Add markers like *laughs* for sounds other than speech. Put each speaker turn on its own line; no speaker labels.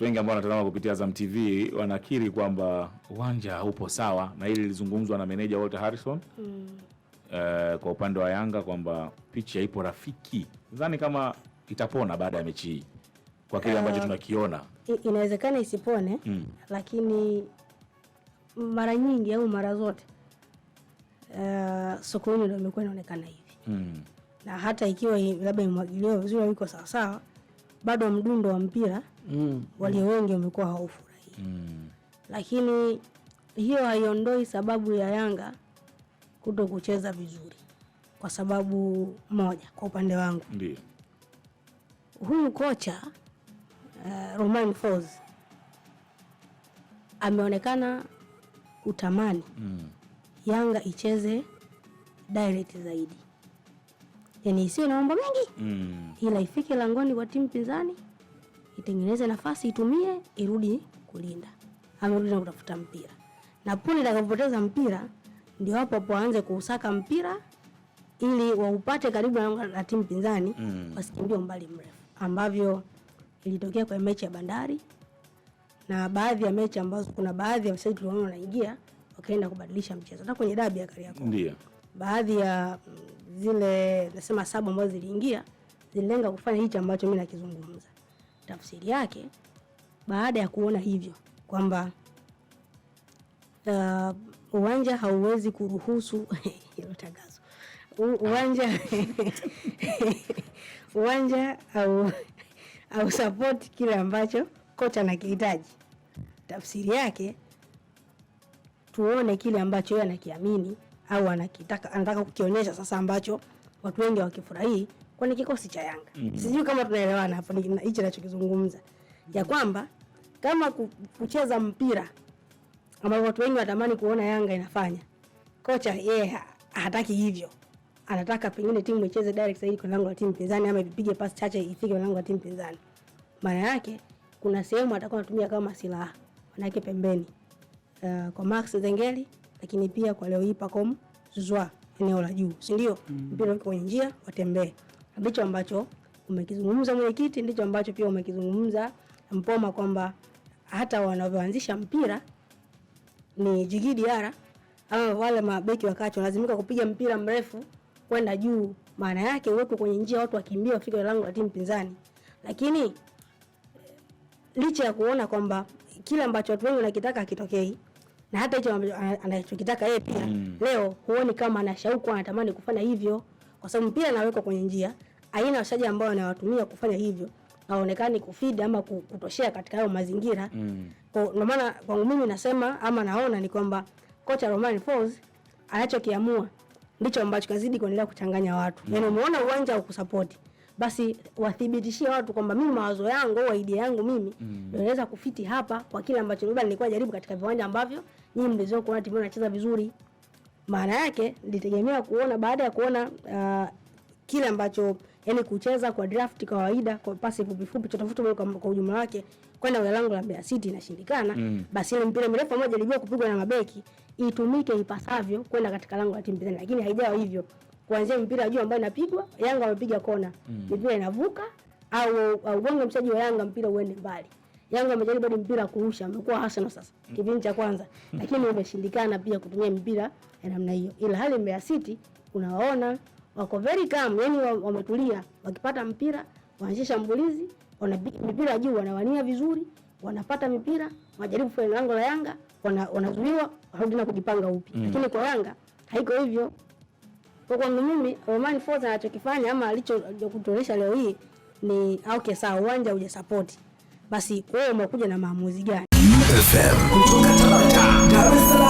watu wengi ambao wanatazama kupitia Azam TV wanakiri kwamba uwanja haupo sawa, na hili lilizungumzwa na meneja Walter Harrison mm. Uh, kwa upande wa Yanga kwamba pichi haipo rafiki. Nadhani kama itapona baada ya mechi hii kwa kile ambacho uh, tunakiona
inawezekana isipone mm. Lakini mara nyingi au mara zote uh, eh, sokoni ndio imekuwa inaonekana hivi mm. Na hata ikiwa labda imwagiliwa vizuri au iko sawasawa, bado mdundo wa mpira mm. Walio wengi wamekuwa haufurahii mm. Lakini hiyo haiondoi sababu ya Yanga kuto kucheza vizuri, kwa sababu moja, kwa upande wangu ndio huyu kocha uh, eh, roman Folz ameonekana kutamani mm. Yanga icheze direct zaidi, yani isiyo na mambo mengi mm. ila ifike langoni kwa timu pinzani itengeneze nafasi, itumie, irudi kulinda. Amerudi na kutafuta mpira, na punde atakapopoteza mpira ndio hapo hapo aanze kuusaka mpira ili waupate karibu na timu pinzani mm. wasikimbie umbali mrefu, ambavyo ilitokea kwa mechi ya Bandari na baadhi ya mechi ambazo kuna baadhi ya wachezaji tuliona wanaingia wakaenda kubadilisha mchezo. Hata kwenye dabi ya Kariakoo ndio baadhi ya mm, zile nasema sabu ambazo ziliingia zililenga kufanya hicho ambacho mimi nakizungumza. Tafsiri yake baada ya kuona hivyo kwamba uh, uwanja hauwezi kuruhusu *laughs* hilo tangazo uwanja *laughs* uwanja au, au support kile ambacho kocha anakihitaji. Tafsiri yake tuone kile ambacho yeye anakiamini au anakitaka, anataka kukionyesha sasa, ambacho watu wengi hawakifurahii kwenye kikosi cha Yanga mm -hmm. Sijui kama tunaelewana hapo, hichi nachokizungumza ya kwamba kama kucheza mpira ambao watu wengi wanatamani kuona Yanga inafanya, kocha yeye yeah, hataki hivyo, anataka pengine timu icheze direct zaidi kwa lango la timu pinzani, ama ipige pasi chache ifike kwa lango la timu pinzani. Maana yake kuna sehemu atakuwa anatumia kama silaha, maana yake pembeni, uh, kwa Max Zengeli, lakini pia kwa leo hii Pacom Zouzoua eneo la juu, si ndio? Mm. Mpira mm. uko kwenye njia, watembee ndicho ambacho umekizungumza mwenyekiti, ndicho ambacho pia umekizungumza Mpoma kwamba hata wanavyoanzisha mpira ni Djigui Diarra ama wale mabeki wakacho lazimika kupiga mpira mrefu kwenda juu, maana yake uwepo kwenye njia, watu wakimbia wafike lango la timu pinzani. Lakini licha ya kuona kwamba kile ambacho watu wengi wanakitaka hakitokei na hata hicho anachokitaka yeye pia mm, leo huoni kama ana shauku, anatamani kufanya hivyo, kwa sababu mpira anawekwa kwenye njia aina washaji ambao wanawatumia kufanya hivyo haonekani kufidi ama kutoshea katika hayo mazingira mm. kwa Ndio maana kwangu mimi nasema ama naona ni kwamba kocha Romain Folz anachokiamua ndicho ambacho kazidi kuendelea kuchanganya watu mm. Yani umeona uwanja wa kusapoti basi wathibitishie watu kwamba mimi mawazo yangu au idea yangu mimi mm. naweza kufiti hapa kwa kile ambacho labda nilikuwa jaribu katika viwanja ambavyo nyinyi mlizio kuona timu inacheza vizuri. Maana yake nilitegemea kuona baada ya kuona uh, kile ambacho yani kucheza kwa draft kwa kawaida kwa pasi fupi fupi tutafuta bora kwa ujumla wake kwenda kwa lango la Mbeya City inashindikana. Mm. Basi ile mpira mrefu moja ilijua kupigwa na mabeki itumike ipasavyo kwenda katika lango la timu pinzani, lakini haijawa hivyo. Kuanzia mpira juu ambao inapigwa, Yanga wamepiga kona. Mm. Mpira inavuka au ugonge mchezaji wa Yanga mpira uende mbali. Yanga amejaribu hadi mpira kurusha, amekuwa Arsenal sasa mm. kipindi cha kwanza, lakini umeshindikana pia kutumia mpira ya namna hiyo, ila hali Mbeya City unawaona wako very calm, yani wametulia. Wakipata mpira wanaanzisha shambulizi, wanapiga mipira juu, wanawania vizuri, wanapata mipira, wanajaribu kufanya lango la Yanga, wanazuiwa, wanarudi na kujipanga upi mm. Lakini kwa Yanga haiko hivyo. Kwa kwangu mimi Roman Folz anachokifanya ama alichokutuonesha leo hii ni okay, sawa, uwanja support. basi wewe umekuja na maamuzi gani? FM kutoka Dar es Salaam.